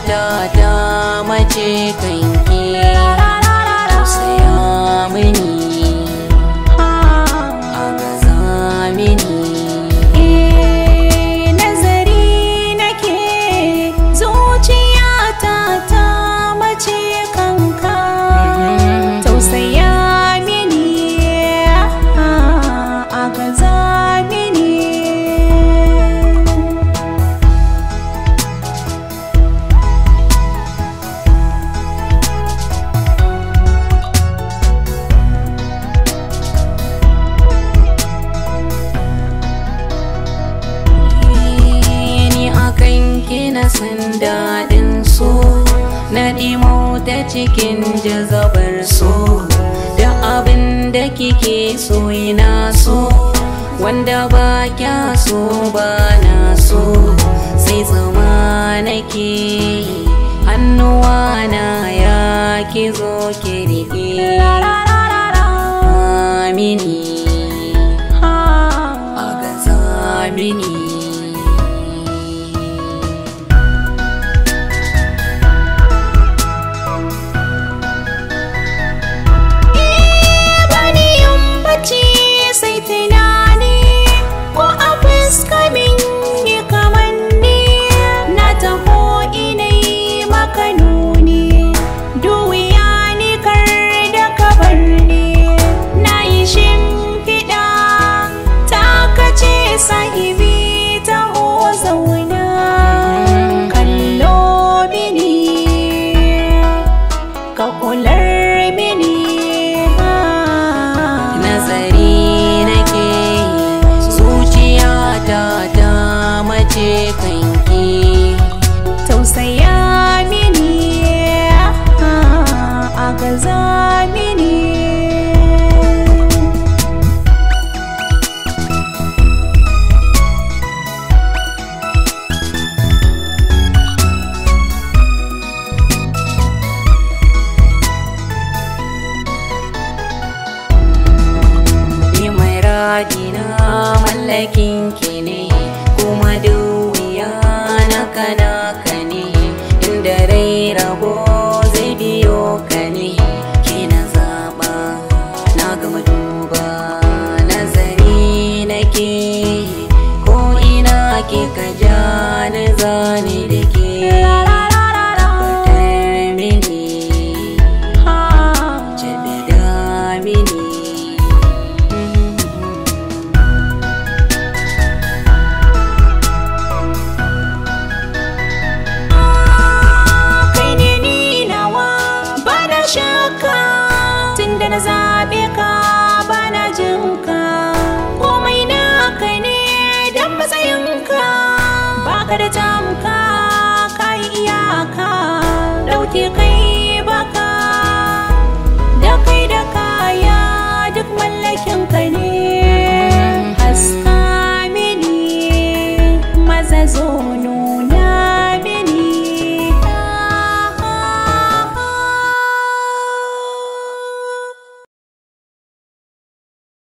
ta ta mace kai san daɗin so na ɗimo ta cikin jazabar so da abin da kike so ina so wanda ba kya so ba na so sai zama nake hannuwa na ya ki zo ki amini a mini Oh, Larry. sakin ki ne ɗauki kai baka da kai da kaya duk mallakin ka ne